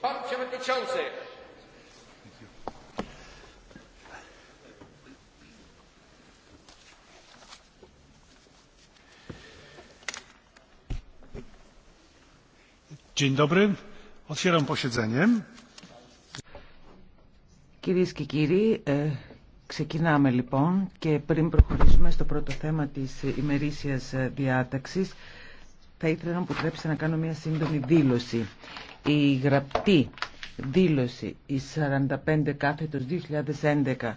Pan Κυρίες και κύριοι, ε, ξεκινάμε λοιπόν και πριν προχωρήσουμε στο πρώτο θέμα της ημερήσιας ε, διάταξης, θα ήθελα να μου να κάνω μια σύντομη δήλωση η γραπτή δήλωση η 45 κάθετος 2011